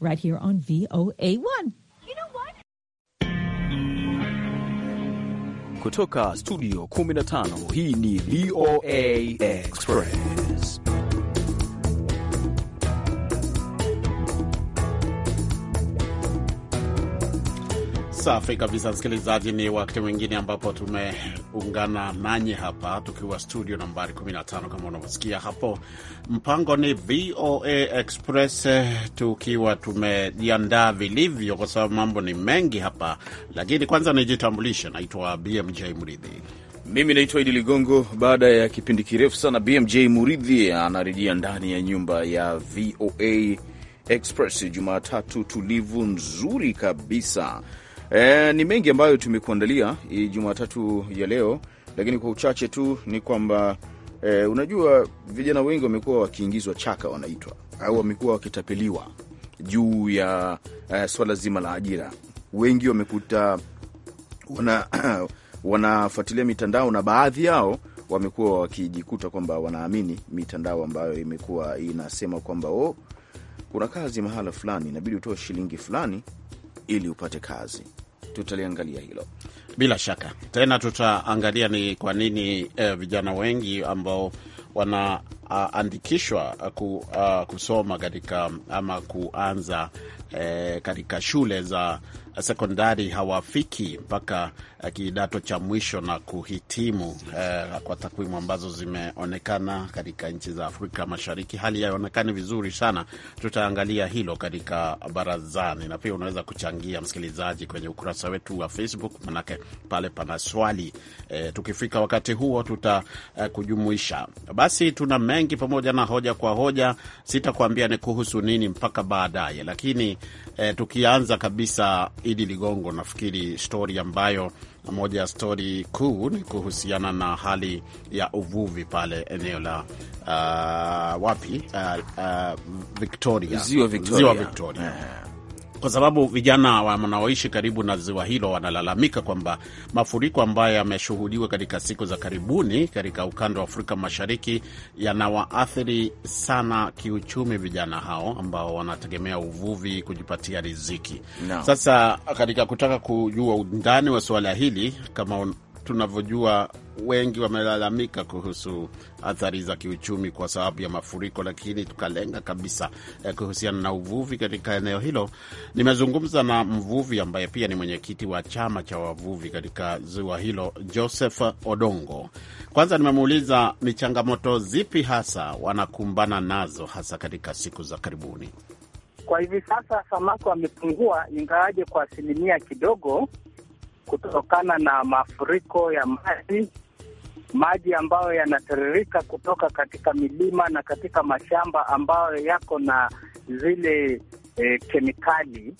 right here on VOA1. You know what? Kutoka studio 15 hii ni VOA Express. Safi kabisa, msikilizaji, ni wakati mwingine ambapo tumeungana nanyi hapa tukiwa studio nambari 15 kama unavyosikia hapo. Mpango ni VOA Express, eh, tukiwa tumejiandaa vilivyo kwa sababu mambo ni mengi hapa, lakini kwanza nijitambulishe, naitwa BMJ Mridhi. Mimi naitwa Idi Ligongo. Baada ya kipindi kirefu sana, BMJ Muridhi anarejea ndani ya nyumba ya VOA Express. Jumatatu tulivu nzuri kabisa E, ni mengi ambayo tumekuandalia Jumatatu ya leo, lakini kwa uchache tu ni kwamba e, unajua vijana wengi wamekuwa wakiingizwa chaka wanaitwa au wamekuwa wakitapeliwa juu ya e, swala zima la ajira. Wengi wamekuta wana wanafuatilia mitandao na baadhi yao wamekuwa wakijikuta kwamba wanaamini mitandao ambayo imekuwa inasema kwamba oh, kuna kazi mahala fulani inabidi utoe shilingi fulani ili upate kazi. Tutaliangalia hilo bila shaka. Tena tutaangalia ni kwa nini eh, vijana wengi ambao wanaandikishwa ah, uh, ku, uh, kusoma katika ama kuanza eh, katika shule za sekondari hawafiki mpaka eh, kidato cha mwisho na kuhitimu. Eh, kwa takwimu ambazo zimeonekana katika nchi za Afrika Mashariki hali haionekani vizuri sana. Tutaangalia hilo katika barazani, na pia unaweza kuchangia msikilizaji kwenye ukurasa wetu wa Facebook, manake pale pana swali eh. Tukifika wakati huo tutakujumuisha. Eh, basi tuna mengi pamoja na hoja kwa hoja. sitakuambia ni kuhusu nini mpaka baadaye, lakini eh, tukianza kabisa Idi Ligongo, nafikiri stori ambayo, moja ya stori kuu ni kuhusiana na hali ya uvuvi pale eneo la uh, wapi uh, uh, Victoria, ziwa Victoria, ziwa Victoria. Yeah kwa sababu vijana wanaoishi karibu na ziwa hilo wanalalamika kwamba mafuriko ambayo yameshuhudiwa katika siku za karibuni katika ukanda wa Afrika Mashariki yanawaathiri sana kiuchumi vijana hao ambao wanategemea uvuvi kujipatia riziki no. Sasa katika kutaka kujua undani wa suala hili kama tunavyojua, wengi wamelalamika kuhusu athari za kiuchumi kwa sababu ya mafuriko, lakini tukalenga kabisa eh, kuhusiana na uvuvi katika eneo hilo. Nimezungumza na mvuvi ambaye pia ni mwenyekiti wa chama cha wavuvi katika ziwa hilo, Joseph Odongo. Kwanza nimemuuliza ni changamoto zipi hasa wanakumbana nazo hasa katika siku za karibuni. Kwa hivi sasa samaki wamepungua, ingawaje kwa asilimia kidogo, kutokana na mafuriko ya maji, maji ambayo yanatiririka kutoka katika milima na katika mashamba ambayo yako na zile e, kemikali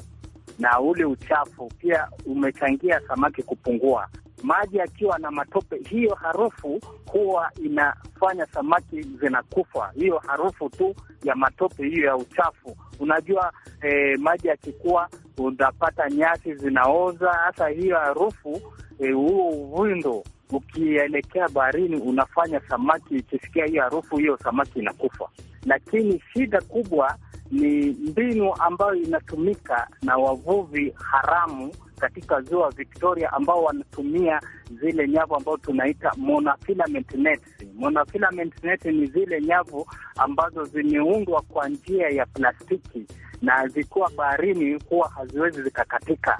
na ule uchafu pia umechangia samaki kupungua. Maji akiwa na matope, hiyo harufu huwa inafanya samaki zinakufa. Hiyo harufu tu ya matope hiyo ya uchafu. Unajua eh, maji akikuwa utapata nyasi zinaoza. Hasa hiyo harufu eh, huo, e, ukielekea baharini unafanya samaki ikisikia hiyo harufu hiyo, samaki inakufa. Lakini shida kubwa ni mbinu ambayo inatumika na wavuvi haramu katika ziwa Victoria, ambao wanatumia zile nyavu ambao tunaita monofilament Monofilament ni zile nyavu ambazo zimeundwa kwa njia ya plastiki na zikiwa baharini huwa haziwezi zikakatika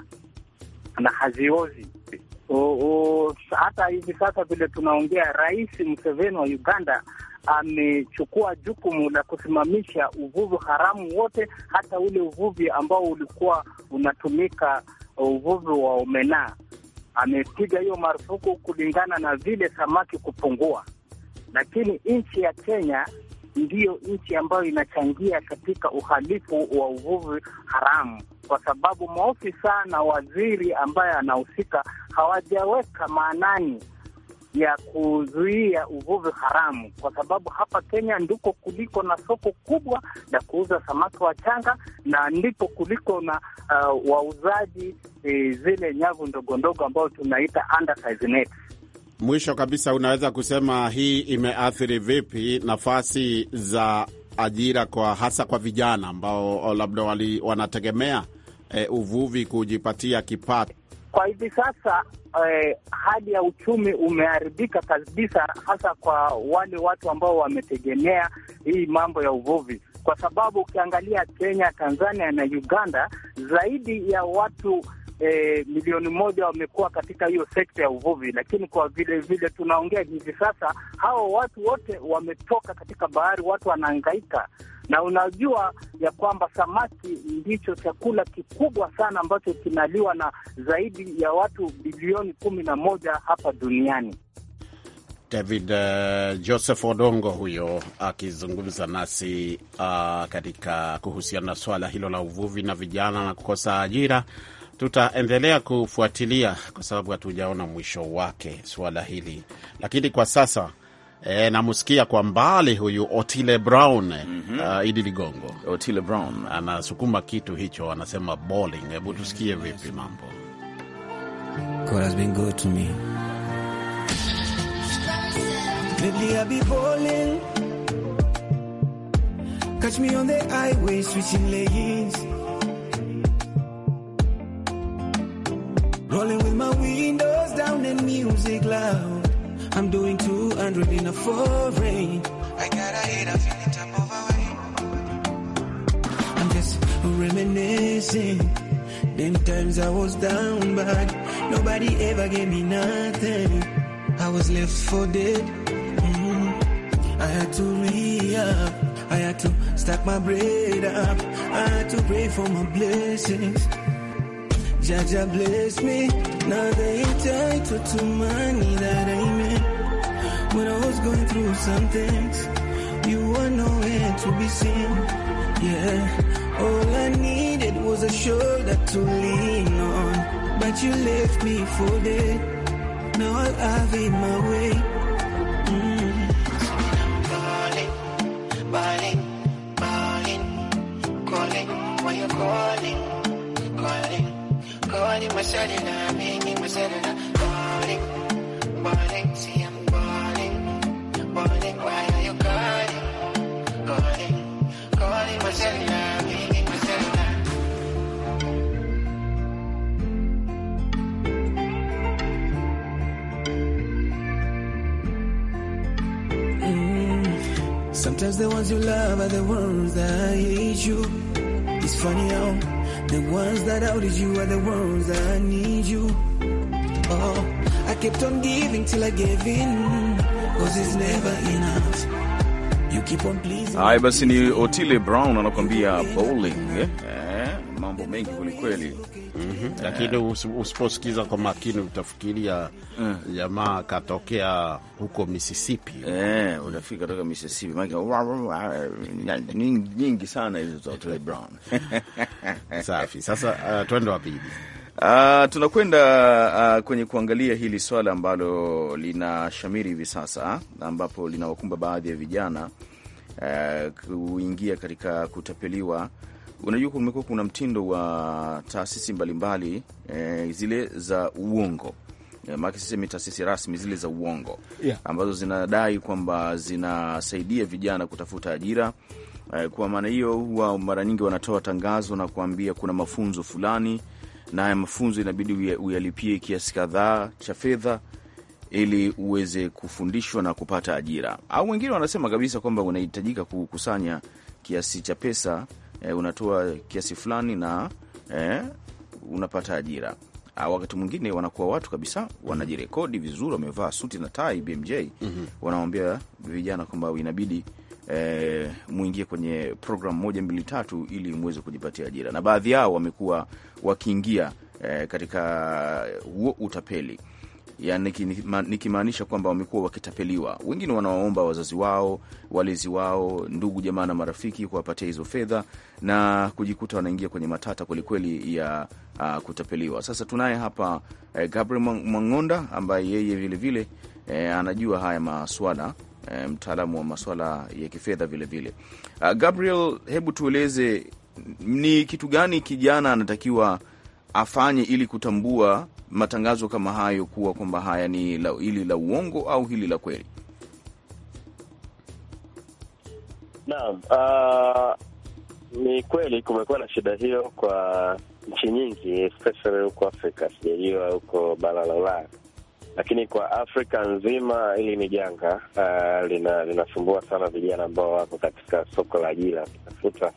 na haziozi. Hata hivi sasa vile tunaongea, Rais Museveni wa Uganda amechukua jukumu la kusimamisha uvuvi haramu wote, hata ule uvuvi ambao ulikuwa unatumika, uvuvi wa omena. Amepiga hiyo marufuku kulingana na vile samaki kupungua, lakini nchi ya Kenya ndiyo nchi ambayo inachangia katika uhalifu wa uvuvi haramu, kwa sababu maofisa na waziri ambaye anahusika hawajaweka maanani ya kuzuia uvuvi haramu, kwa sababu hapa Kenya ndiko kuliko na soko kubwa la kuuza samaki wa changa na ndipo kuliko na uh, wauzaji e, zile nyavu ndogo ndogo ambayo tunaita undersize nets. Mwisho kabisa, unaweza kusema hii imeathiri vipi nafasi za ajira kwa hasa kwa vijana ambao oh, labda wali, wanategemea eh, uvuvi kujipatia kipato? Kwa hivi sasa eh, hali ya uchumi umeharibika kabisa, hasa kwa wale watu ambao wametegemea hii mambo ya uvuvi, kwa sababu ukiangalia Kenya, Tanzania na Uganda, zaidi ya watu e, milioni moja wamekuwa katika hiyo sekta ya uvuvi, lakini kwa vile vile tunaongea hivi sasa, hao watu wote wametoka katika bahari, watu wanaangaika na unajua ya kwamba samaki ndicho chakula kikubwa sana ambacho kinaliwa na zaidi ya watu bilioni kumi na moja hapa duniani. David uh, Joseph Odongo huyo akizungumza nasi uh, katika kuhusiana na swala hilo la uvuvi na vijana na kukosa ajira tutaendelea kufuatilia kwa sababu hatujaona mwisho wake suala hili, lakini kwa sasa E, namsikia kwa mbali huyu Otile Brown mm -hmm. Uh, Idi Ligongo, Otile Brown anasukuma kitu hicho, anasema bowling. Hebu tusikie vipi mambo. God has been good to me. Lately bowling. Catch me on the highway switching lanes Rolling with my windows down and music loud. I'm doing 200 in a rain. I gotta hit, a feeling top of a way. I'm just reminiscing. Them times I was down bad. Nobody ever gave me nothing. I was left for dead. Mm-hmm. I had to re-up. I had to stack my bread up. I had to pray for my blessings. Jaja bless me. Now they take to too many that I made. When I was going through some things, you were nowhere to be seen. Yeah, all I needed was a shoulder to lean on. But you left me folded. Now I'll have it my way. My masalina, making masalina, falling, falling, see I'm falling, falling, why are you calling, calling, calling my masalina, making masalina. Mm. Sometimes the ones you love are the ones that hate you. It's funny how The ones that outed you are the ones that need you. Oh, I kept on giving till I gave in, cause it's never enough. You keep on pleasing. Haya basi, ni Otile Brown be a bowling. Eh, eh mambo make really quickly. -hmm. Lakini yeah. usiposikiza kwa makini utafikiria eh. jamaa mm. katokea huko Mississippi eh, unafika kutoka Mississippi Maana eh, nyingi sana hizo za Otile Brown. Safi. Sasa uh, twende wapi Uh, tunakwenda uh, kwenye kuangalia hili swala ambalo lina shamiri hivi sasa ambapo linawakumba baadhi ya vijana uh, kuingia katika kutapeliwa Unajua, kumekuwa kuna mtindo wa taasisi mbalimbali e, zile za uongo eh, maake sisemi taasisi rasmi, zile za uongo yeah, ambazo zinadai kwamba zinasaidia vijana kutafuta ajira. Eh, kwa maana hiyo, huwa mara nyingi wanatoa tangazo na kuambia kuna mafunzo fulani, na haya mafunzo inabidi uyalipie kiasi kadhaa cha fedha ili uweze kufundishwa na kupata ajira, au wengine wanasema kabisa kwamba unahitajika kukusanya kiasi cha pesa e, eh, unatoa kiasi fulani na e, unapata ajira. Ah, wakati mwingine wanakuwa watu kabisa wanajirekodi vizuri, wamevaa suti na tai BMJ, mm -hmm. wanawambia vijana kwamba inabidi E, eh, muingie kwenye programu moja mbili tatu ili muweze kujipatia ajira, na baadhi yao wamekuwa wakiingia e, katika huo utapeli yani nikimaanisha kwamba wamekuwa wakitapeliwa. Wengine wanawaomba wazazi wao, walezi wao, ndugu jamaa na marafiki kuwapatia hizo fedha na kujikuta wanaingia kwenye matata kwelikweli ya uh, kutapeliwa. Sasa tunaye hapa uh, Gabriel Mwang'onda ambaye yeye vilevile uh, eh, anajua haya maswala uh, mtaalamu wa maswala ya kifedha vilevile. Uh, ah, Gabriel, hebu tueleze ni kitu gani kijana anatakiwa afanye ili kutambua matangazo kama hayo kuwa kwamba haya ni la, hili la uongo au hili la kweli? Naam, uh, ni kweli kumekuwa na shida hiyo kwa nchi nyingi especially huko Afrika, sijajua huko bara la Ulaya, lakini kwa Afrika nzima hili ni janga uh, lina, linasumbua sana vijana ambao wako katika soko la ajira wakitafuta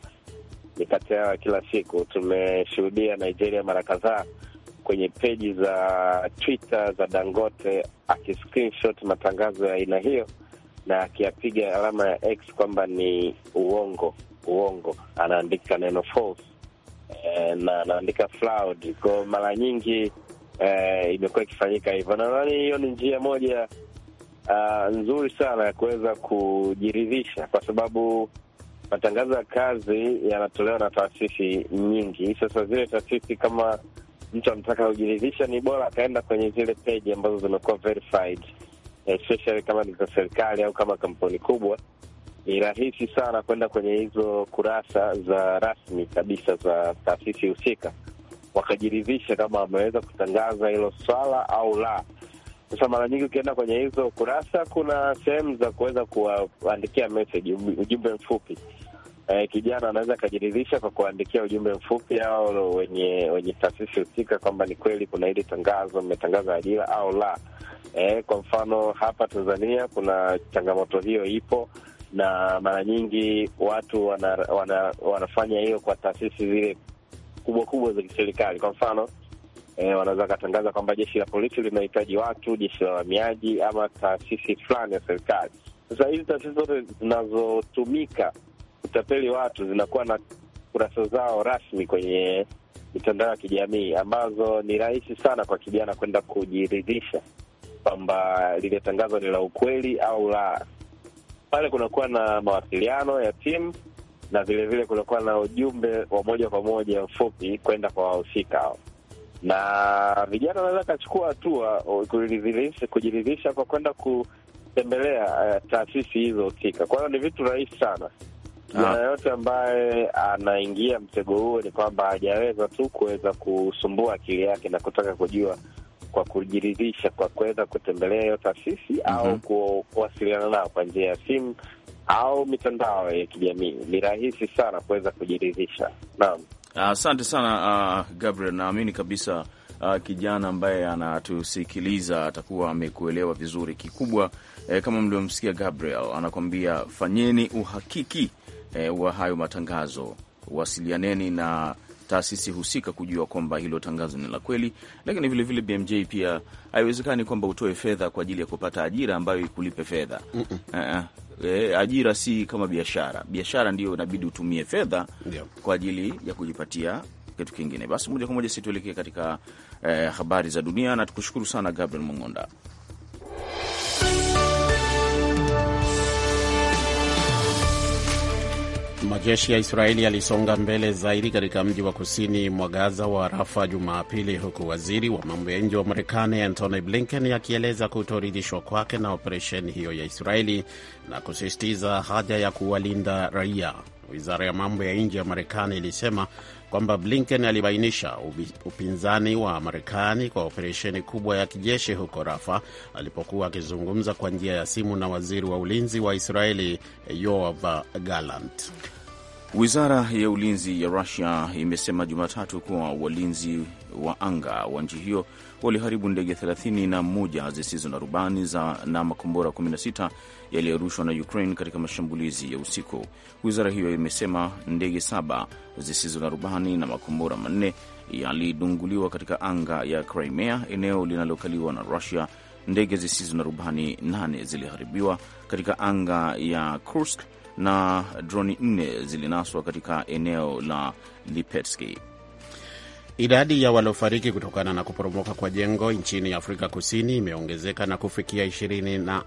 mikate yao ya kila siku. Tumeshuhudia Nigeria mara kadhaa kwenye peji za Twitter za Dangote akiscreenshot matangazo ya aina hiyo na akiyapiga alama ya X kwamba ni uongo, uongo, anaandika neno false e, na anaandika fraud. Kwa mara nyingi e, imekuwa ikifanyika hivyo. Nadhani hiyo ni njia moja uh, nzuri sana ya kuweza kujiridhisha, kwa sababu matangazo ya kazi yanatolewa na taasisi nyingi. Sasa zile taasisi kama mtu anataka kujiridhisha, ni bora akaenda kwenye zile peji ambazo zimekuwa verified, especially kama ni za serikali au kama kampuni kubwa. Ni rahisi sana kwenda kwenye hizo kurasa za rasmi kabisa za taasisi husika, wakajiridhisha kama ameweza kutangaza hilo swala au la. Sasa mara nyingi ukienda kwenye hizo kurasa, kuna sehemu za kuweza kuwaandikia message, ujumbe mfupi eh, kijana anaweza akajiridhisha kwa kuandikia ujumbe mfupi au wenye wenye taasisi husika kwamba ni kweli kuna hili tangazo, mmetangaza ajira au la. Eh, kwa mfano hapa Tanzania kuna changamoto hiyo ipo na mara nyingi watu wana, wana, wanafanya hiyo kwa taasisi zile kubwa kubwa za kiserikali. Kwa mfano e, wanaweza wakatangaza kwamba jeshi la polisi linahitaji watu, jeshi la uhamiaji ama taasisi fulani ya serikali. Sasa hizi taasisi zote zinazotumika kutapeli watu zinakuwa na kurasa zao rasmi kwenye mitandao ya kijamii ambazo ni rahisi sana kwa kijana kwenda kujiridhisha kwamba lile tangazo ni la ukweli au la. Pale kunakuwa na mawasiliano ya timu na vilevile kunakuwa na ujumbe wa moja kwa moja mfupi kwenda kwa wahusika hao, na vijana wanaweza akachukua hatua uh, kujiridhisha kwa kwenda kutembelea uh, taasisi hizo husika. Kwa hiyo ni vitu rahisi sana Ah. na yoyote ambaye anaingia mtego huo ni kwamba hajaweza tu kuweza kusumbua akili yake na kutaka kujua kwa kujiridhisha kwa kuweza kutembelea hiyo taasisi mm -hmm. au kuwasiliana nao kwa njia ya simu au mitandao ya kijamii. Ni rahisi sana kuweza kujiridhisha. Naam, asante uh, sana uh, Gabriel, naamini kabisa Uh, kijana ambaye anatusikiliza atakuwa amekuelewa vizuri. Kikubwa eh, kama mlivyomsikia Gabriel anakuambia, fanyeni uhakiki e, wa hayo matangazo, wasilianeni na taasisi husika kujua kwamba hilo tangazo ni la kweli. Lakini vilevile BMJ, pia haiwezekani kwamba utoe fedha kwa ajili ya kupata ajira ambayo ikulipe fedha mm -mm. Uh, E, ajira si kama biashara. Biashara ndio inabidi utumie fedha yeah, kwa ajili ya kujipatia kitu kingine. Basi moja kwa moja situelekee katika eh, habari za dunia, na tukushukuru sana Gabriel Mongonda. Majeshi ya Israeli yalisonga mbele zaidi katika mji wa kusini mwa Gaza wa Rafa Jumapili, huku waziri wa mambo ya nje wa Marekani Antony Blinken akieleza kutoridhishwa kwake na operesheni hiyo ya Israeli na kusisitiza haja ya kuwalinda raia. Wizara ya mambo ya nje ya Marekani ilisema kwamba Blinken alibainisha upinzani wa Marekani kwa operesheni kubwa ya kijeshi huko Rafa alipokuwa akizungumza kwa njia ya simu na waziri wa ulinzi wa Israeli Yoav Gallant. Wizara ya ulinzi ya Rusia imesema Jumatatu kuwa walinzi wa anga wa nchi hiyo waliharibu ndege 31 zisizo na rubani za na makombora 16 yaliyorushwa na Ukraine katika mashambulizi ya usiku. Wizara hiyo imesema ndege saba zisizo na rubani na makombora manne yalidunguliwa katika anga ya Crimea, eneo linalokaliwa na Rusia. Ndege zisizo na rubani nane ziliharibiwa katika anga ya Kursk na droni nne zilinaswa katika eneo la Lipetski. Idadi ya waliofariki kutokana na kuporomoka kwa jengo nchini Afrika Kusini imeongezeka na kufikia ishirini na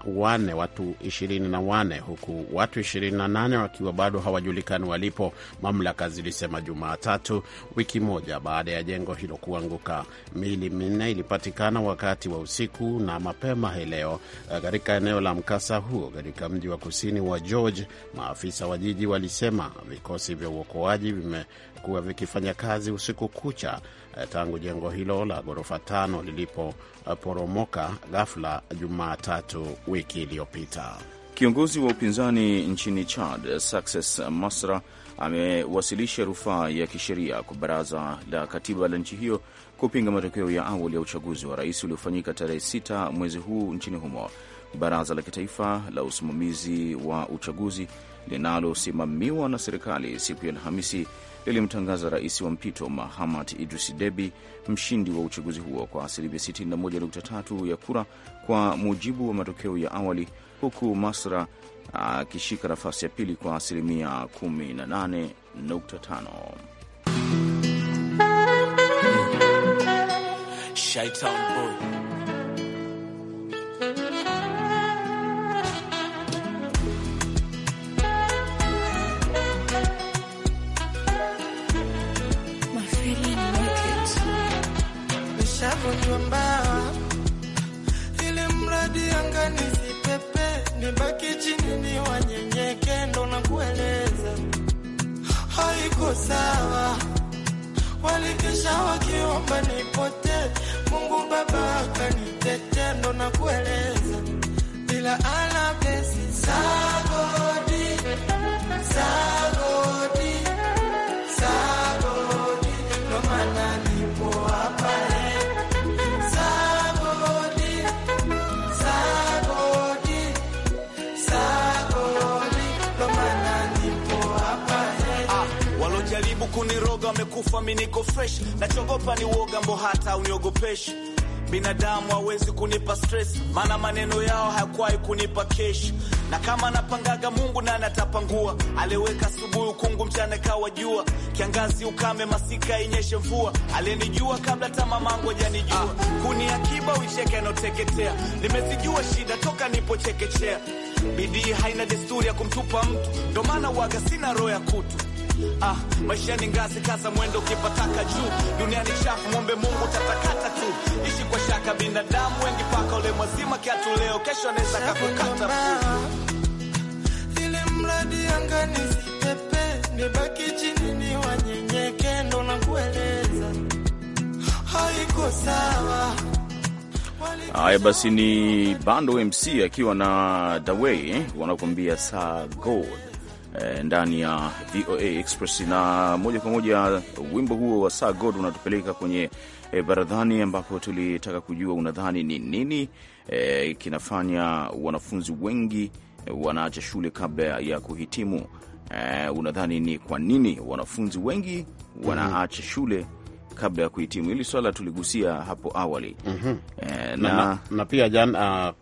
watu ishirini na huku watu 28 wakiwa bado hawajulikani walipo, mamlaka zilisema Jumatatu, wiki moja baada ya jengo hilo kuanguka. Miili minne ilipatikana wakati wa usiku na mapema hii leo eh, katika eneo la mkasa huo katika mji wa kusini wa George, maafisa wa jiji walisema. Vikosi vya uokoaji vime vimekuwa vikifanya kazi usiku kucha eh, tangu jengo hilo la ghorofa tano lilipoporomoka eh, ghafla Jumatatu wiki iliyopita. Kiongozi wa upinzani nchini Chad, Success Masra, amewasilisha rufaa ya kisheria kwa baraza la katiba la nchi hiyo kupinga matokeo ya awali ya uchaguzi wa rais uliofanyika tarehe 6 mwezi huu nchini humo. Baraza la kitaifa la usimamizi wa uchaguzi linalosimamiwa na serikali siku ya Alhamisi lilimtangaza rais wa mpito mahamad Idris Debi mshindi wa uchaguzi huo kwa asilimia 61.3 ya kura kwa mujibu wa matokeo ya awali, huku Masra akishika nafasi ya pili kwa asilimia 18.5. Nishagonjwa mbaya, ili mradi angani sipepe, nibaki chini ni wanyenyeke, ndo nakueleza haiko sawa. Walikesha wakiomba nipote, Mungu Baba akanitetea, ndo nakueleza bila ala sawa watu amekufa, mi niko fresh. Nachogopa ni uoga, mbo hata uniogopeshi binadamu hawezi kunipa stress, maana maneno yao hayakuwahi kunipa kesh. Na kama napangaga Mungu nani atapangua? Aliweka asubuhi ukungu, mchana kawa jua, kiangazi ukame, masika inyeshe mvua. Alinijua kabla hata mamangu hajanijua. Kuni akiba uicheke anaoteketea, nimezijua shida toka nipochekechea. Bidii haina desturi ya kumtupa mtu, ndo maana waga sina roho ya kutu Ah, maisha ni ngazi, kaza mwendo ukipataka juu. Duniani chafu, mwombe Mungu tatakata tu. Ishi kwa shaka, binadamu wengi paka ule mwazima kiatu leo, kesho anaweza kakukata vile mradi angani sipepe, nibaki chini ni wanyenyeke, ndo nakueleza haiko sawa. Haya basi, ni Bando MC akiwa na Dawei eh, wanakuambia saa go Eh, ndani ya VOA Express na moja kwa moja wimbo huo wa Sir God unatupeleka kwenye e, baradhani ambapo tulitaka kujua unadhani ni nini e, kinafanya wanafunzi wengi e, wanaacha shule kabla ya kuhitimu. E, unadhani ni kwa nini wanafunzi wengi mhm. wanaacha shule kabla ya kuhitimu. Hili swala tuligusia hapo awali mm -hmm. E, na, na, na pia jana ah,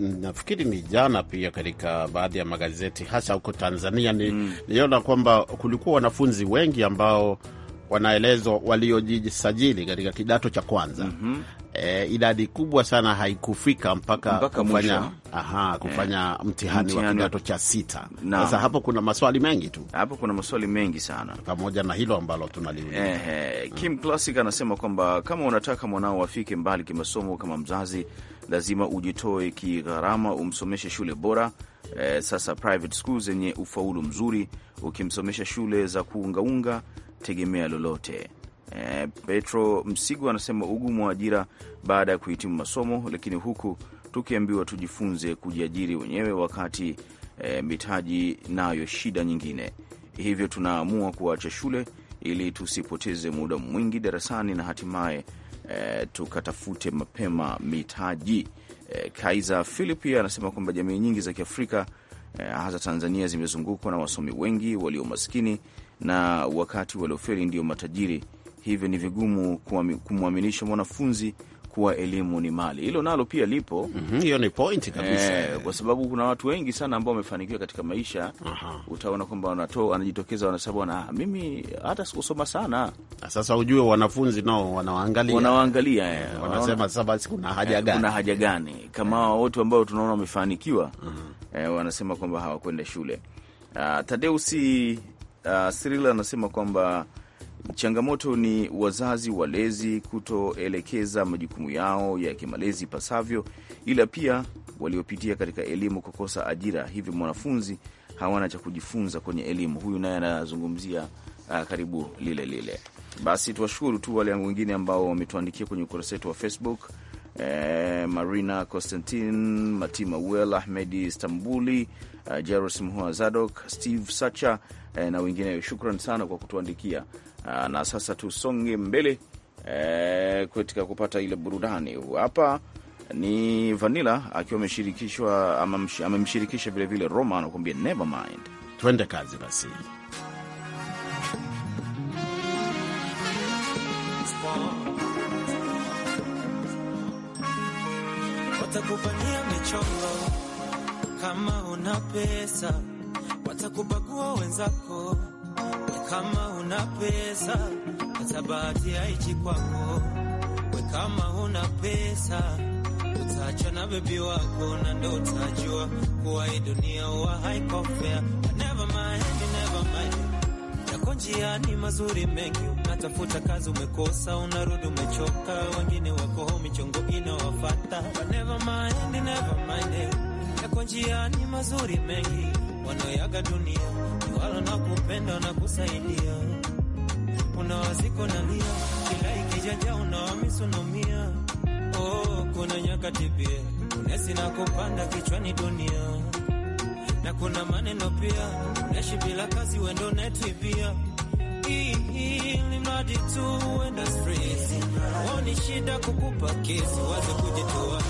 nafikiri ni jana pia katika baadhi ya magazeti hasa huko Tanzania ni, mm. kwamba kulikuwa wanafunzi wengi ambao wanaelezwa waliojisajili katika kidato cha kwanza mm -hmm e, idadi kubwa sana haikufika mpaka, mpaka kufanya, aha, eh, kufanya e, mtihani, mtihani wa kidato cha sita. Sasa hapo kuna maswali mengi tu, hapo kuna maswali mengi sana, pamoja na hilo ambalo tunaliuliza e, e, Kim mm. Classic anasema kwamba kama unataka mwanao afike mbali kimasomo, kama mzazi lazima ujitoe kigharama, umsomeshe shule bora e, sasa private school zenye ufaulu mzuri, ukimsomesha shule za kuungaunga, tegemea lolote. Eh, Petro Msigu anasema ugumu wa ajira baada ya kuhitimu masomo, lakini huku tukiambiwa tujifunze kujiajiri wenyewe wakati e, mitaji nayo shida nyingine, hivyo tunaamua kuacha shule ili tusipoteze muda mwingi darasani na hatimaye e, tukatafute mapema mitaji. E, Kaiza Philip anasema kwamba jamii nyingi za Kiafrika e, hasa Tanzania zimezungukwa na wasomi wengi walio maskini na wakati waliofeli ndio matajiri hivyo ni vigumu kumwaminisha mwanafunzi kuwa elimu ni mali. Hilo nalo pia lipo, mhm, hiyo ni point kabisa, eh, kwa sababu kuna watu wengi sana ambao wamefanikiwa katika maisha. Aha. Utaona kwamba wanajitokeza anajitokeza wanasema na mimi hata sikusoma sana. Ah, sasa ujue wanafunzi nao wanawaangalia, wanawaangalia eh, wanasema sasa basi kuna haja eh, gani, kuna haja gani kama wote ambao tunaona wamefanikiwa mhm. wanasema kwamba hawakwenda shule. Uh, Tadeusi uh, ah, Sirila anasema kwamba Changamoto ni wazazi walezi kutoelekeza majukumu yao ya kimalezi ipasavyo, ila pia waliopitia katika elimu kukosa ajira, hivyo mwanafunzi hawana cha kujifunza kwenye elimu. Huyu naye anazungumzia uh, karibu lile lile. Basi tuwashukuru tu wale wengine ambao wametuandikia kwenye ukurasa wetu wa Facebook. Eh, Marina Constantin Matima Wel Ahmedi Stambuli uh, Jairus Mhua Zadok, Steve Sacha uh, na wengineo. Shukran sana kwa kutuandikia uh, na sasa tusonge mbele uh, katika kupata ile burudani hapa ni Vanilla akiwa ameshirikishwa amemshirikisha vilevile Roma anakuambia never mind. Twende kazi basi. watakufanyia michongo kama una pesa watakubagua wenzako, we kama una pesa atabati aichi kwako, we kama una pesa utacha na bebi wako, na ndo utajua kuwa hii dunia huwa haiko fair. Never mind, never mind. Yako njiani mazuri mengi, unatafuta kazi umekosa, unarudi umechoka, wengine wako home, michongo inawafata. Never mind, never mind yako njiani, mazuri mengi wanaoyaga dunia, iwalo na kupenda na kusaidia. Kuna waziko na lia, kila ikijanja unawamisi Oh, kuna nyakati pia unesi na kupanda kichwani dunia, na kuna maneno pia unaishi bila kazi, wendo naetwipia ili mradi tu wenda stresi oni shida kukupa kesi waze kujitoa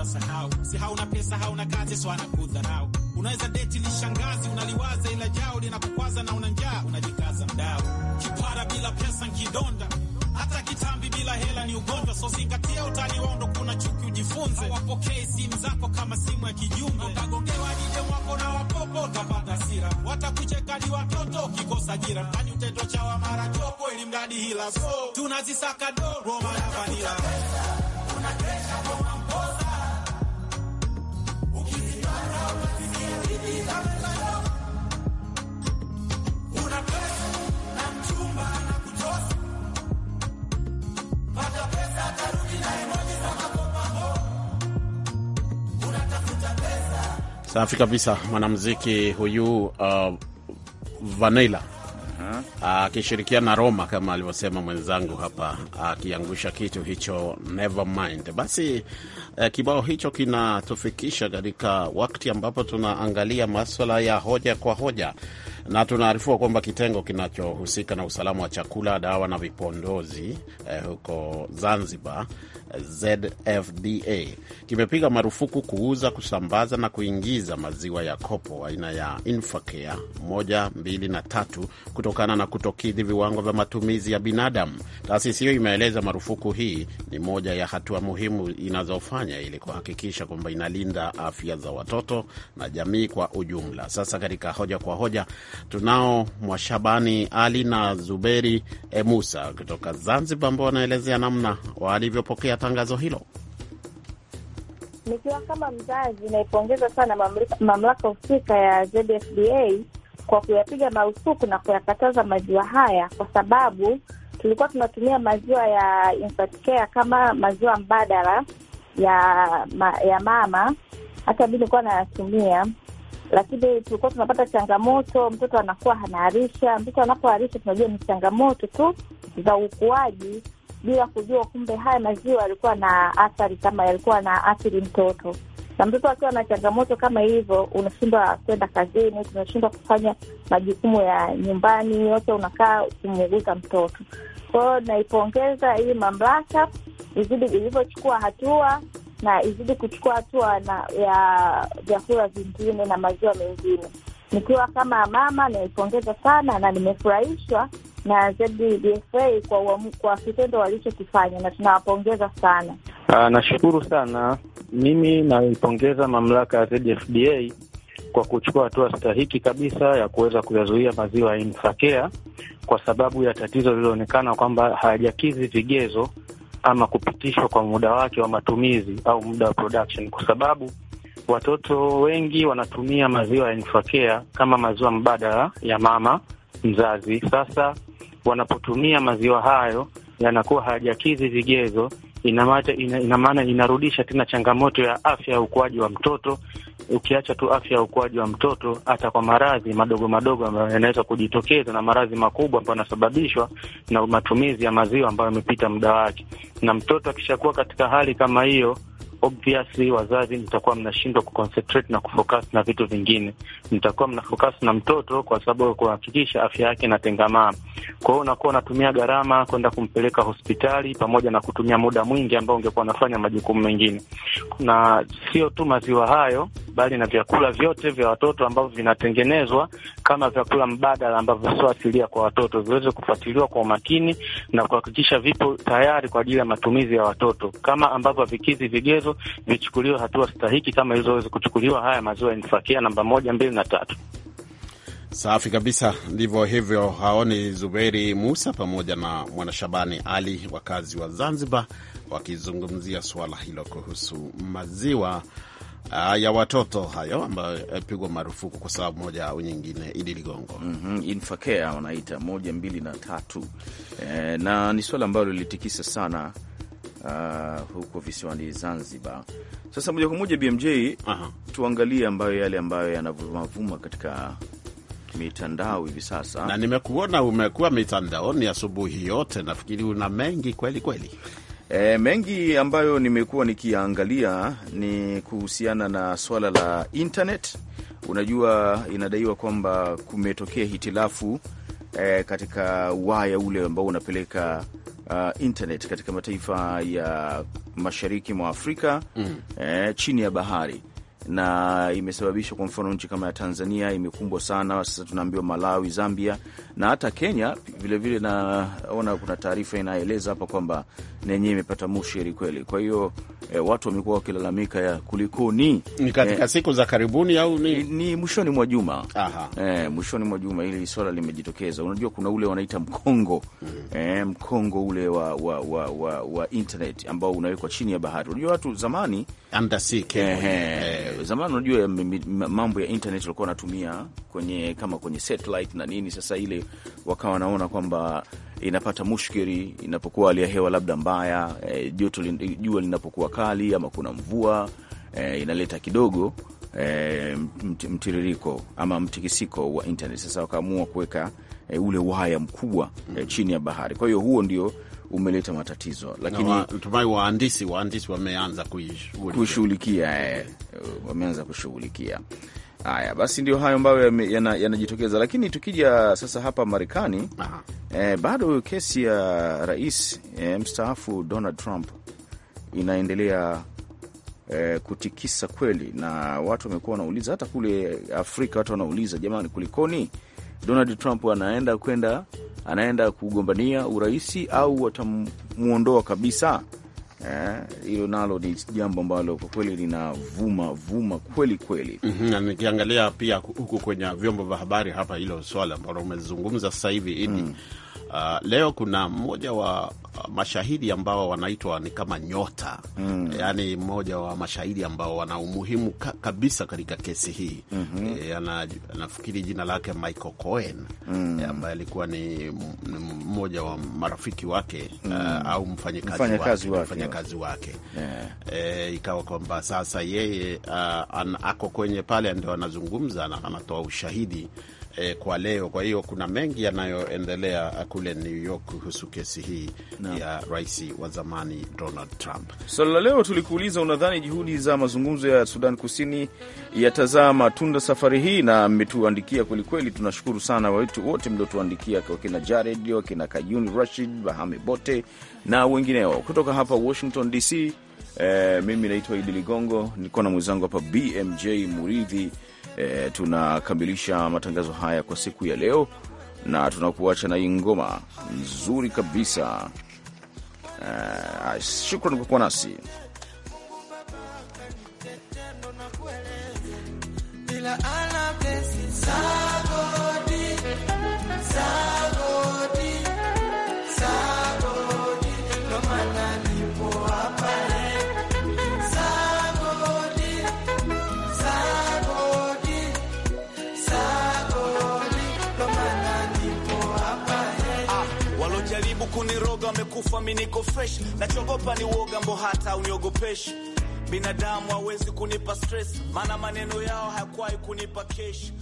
kula sahau, si hauna pesa, hauna kazi, swana kudharau. Unaweza deti ni shangazi, unaliwaza ila jao linakukwaza na una njaa, unajikaza mdao. Kipara bila pesa nkidonda, hata kitambi bila hela ni ugonjwa, so zingatia utaliwando, kuna chuki ujifunze. Wapokee simu zako kama simu ya kijumbe, utagongewa dije wako na wapopo, utapata sira, watakucheka ni watoto, ukikosa jira mtani utendo chawa mara chopo, ili mradi hila, so tunazisaka roma na vanila Safi kabisa, mwanamuziki huyu uh, Vanilla uh-huh. akishirikiana uh, na Roma kama alivyosema mwenzangu hapa akiangusha uh, kitu hicho never mind. Basi uh, kibao hicho kinatufikisha katika wakati ambapo tunaangalia maswala ya hoja kwa hoja na tunaarifua kwamba kitengo kinachohusika na usalama wa chakula, dawa na vipondozi eh, huko Zanzibar, ZFDA kimepiga marufuku kuuza, kusambaza na kuingiza maziwa ya kopo aina ya Infacare moja, mbili na tatu kutokana na kutokidhi viwango vya matumizi ya binadamu. Taasisi hiyo imeeleza marufuku hii ni moja ya hatua muhimu inazofanya ili kuhakikisha kwamba inalinda afya za watoto na jamii kwa ujumla. Sasa katika hoja kwa hoja Tunao Mwashabani Ali na Zuberi e Musa kutoka Zanzibar, ambao wanaelezea namna walivyopokea tangazo hilo. Nikiwa kama mzazi, naipongeza sana mamlaka, mamlaka husika ya ZFDA kwa kuyapiga marufuku na kuyakataza maziwa haya, kwa sababu tulikuwa tunatumia maziwa ya infant care kama maziwa mbadala ya ma, ya mama. Hata mi nilikuwa nayatumia, lakini tulikuwa tunapata changamoto, mtoto anakuwa anaarisha Mtoto anapoharisha tunajua ni changamoto tu za ukuaji, bila kujua kumbe haya maziwa yalikuwa na athari kama yalikuwa na athiri mtoto na mtoto akiwa na changamoto kama hivyo, unashindwa kwenda kazini, tunashindwa kufanya majukumu ya nyumbani, yote unakaa kumuuguza mtoto. Kwa naipongeza hii mamlaka izidi ilivyochukua hatua na izidi kuchukua hatua ya vyakula vingine na maziwa mengine. Nikiwa kama mama, naipongeza sana na nimefurahishwa na ZBFA kwa uamu, kwa kitendo walichokifanya na tunawapongeza sana. Aa, ah, nashukuru sana mimi naipongeza mamlaka ya ZFDA kwa kuchukua hatua stahiki kabisa ya kuweza kuyazuia maziwa ya infakea kwa sababu ya tatizo lililoonekana kwamba hayajakidhi vigezo ama kupitishwa kwa muda wake wa matumizi au muda wa production, kwa sababu watoto wengi wanatumia maziwa ya infacare kama maziwa mbadala ya mama mzazi. Sasa wanapotumia maziwa hayo yanakuwa hayajakidhi vigezo, ina maana inarudisha tena changamoto ya afya ya ukuaji wa mtoto ukiacha tu afya ya ukuaji wa mtoto, hata kwa maradhi madogo madogo ambayo yanaweza kujitokeza na maradhi makubwa ambayo yanasababishwa na matumizi ya maziwa ambayo yamepita muda wake. Na mtoto akishakuwa katika hali kama hiyo, obviously wazazi mtakuwa mnashindwa kuconcentrate na kufocus na vitu vingine, mtakuwa mnafocus na mtoto kwa sababu ya kuhakikisha afya yake inatengamaa. Kwa hiyo unakuwa unatumia gharama kwenda kumpeleka hospitali pamoja na kutumia muda mwingi ambao ungekuwa unafanya majukumu mengine, na sio tu maziwa hayo bali na vyakula vyote vya watoto ambavyo vinatengenezwa kama vyakula mbadala ambavyo sio asilia kwa watoto viweze kufuatiliwa kwa umakini na kuhakikisha vipo tayari kwa ajili ya matumizi ya watoto, kama ambavyo vikizi vigezo vichukuliwe hatua stahiki kama ilizoweza kuchukuliwa haya maziwa yanifakia namba moja, mbili na tatu. Safi kabisa, ndivyo hivyo. Haoni Zuberi Musa pamoja na Mwanashabani Ali, wakazi wa Zanzibar, wakizungumzia suala hilo kuhusu maziwa Uh, ya watoto hayo ambayo yapigwa eh, marufuku kwa sababu moja au nyingine. Idi Ligongo, mm -hmm. infakea wanaita moja mbili na tatu e, na ni suala ambalo lilitikisa sana uh, huko visiwani Zanzibar. Sasa moja kwa moja BMJ, tuangalie ambayo yale ambayo yanavumavuma katika mitandao hivi sasa, na nimekuona umekuwa mitandaoni asubuhi yote, nafikiri una mengi kweli kweli. E, mengi ambayo nimekuwa nikiangalia ni kuhusiana na swala la internet. Unajua, inadaiwa kwamba kumetokea hitilafu e, katika waya ule ambao unapeleka uh, internet katika mataifa ya mashariki mwa Afrika mm. E, chini ya bahari na imesababishwa kwa mfano nchi kama ya Tanzania imekumbwa sana. Sasa tunaambiwa Malawi, Zambia na hata Kenya vilevile. Naona kuna taarifa inaeleza hapa kwamba nenyewe imepata mushiri kweli. Kwa hiyo e, watu wamekuwa wakilalamika ya kulikoni. Ni katika e, siku za karibuni au ni, ni mwishoni mwa juma e, mwishoni mwa juma hili swala limejitokeza. Unajua kuna ule wanaita mkongo mm -hmm. E, mkongo ule wa, wa, wa, wa, wa internet ambao unawekwa chini ya bahari. Unajua watu zamani Eh. zamani unajua mambo ya internet walikuwa wanatumia kwenye kama kwenye satellite na nini. Sasa ile wakawa wanaona kwamba inapata mushkiri inapokuwa hali ya hewa labda mbaya, eh, joto joto, jua linapokuwa kali ama kuna mvua e, inaleta kidogo e, mtiririko ama mtikisiko wa internet. Sasa wakaamua kuweka e, ule waya mkubwa e, chini ya bahari. Kwa hiyo huo ndio umeleta matatizo, lakini natumai waandisi waandisi wameanza kushughulikia eh, wameanza kushughulikia haya. Basi ndio hayo ambayo yanajitokeza yana, lakini tukija sasa hapa Marekani eh, bado kesi ya rais eh, mstaafu Donald Trump inaendelea eh, kutikisa kweli, na watu wamekuwa wanauliza, hata kule Afrika watu wanauliza, jamani, kulikoni? Donald Trump anaenda kwenda anaenda kugombania urahisi au watamwondoa kabisa? Eh, hilo eh, nalo ni jambo ambalo kwa kweli linavuma vuma kweli kweli. mm -hmm, nikiangalia pia huku kwenye vyombo vya habari hapa, hilo swala ambalo umezungumza sasa hivi mm. Uh, leo kuna mmoja wa ah, mashahidi ambao wanaitwa ni kama nyota mm. Yani, mmoja wa mashahidi ambao wana umuhimu ka, kabisa katika kesi hii mm -hmm. E, eh, anafikiri jina lake Michael Cohen mm. E, ambaye alikuwa ni mmoja wa marafiki wake mm. Uh, au mfanyakazi wake, wake. wake. Yeah. E, ikawa kwamba sasa yeye uh, an, ako kwenye pale ndio anazungumza na anatoa ushahidi e, kwa leo. Kwa hiyo kuna mengi yanayoendelea kule New York kuhusu kesi hii no. ya rais wa zamani Donald Trump. Swali la leo tulikuuliza, unadhani juhudi za mazungumzo ya Sudan Kusini yatazaa matunda safari hii? Na mmetuandikia kwelikweli, tunashukuru sana watu wote mliotuandikia, wakina Jared, wakina Kajuni Rashid, Bahame Bote na wengineo kutoka hapa Washington DC. E, mimi naitwa Idi Ligongo, niko na mwenzangu hapa BMJ Muridhi. E, tunakamilisha matangazo haya kwa siku ya leo na tunakuacha na hii ngoma nzuri kabisa. E, shukran kwa kuwa nasi amekufa, mimi niko fresh, nachogopa ni mbo hata uniogopeshi binadamu hawezi kunipa stress, maana maneno yao hayakuwahi kunipa kesh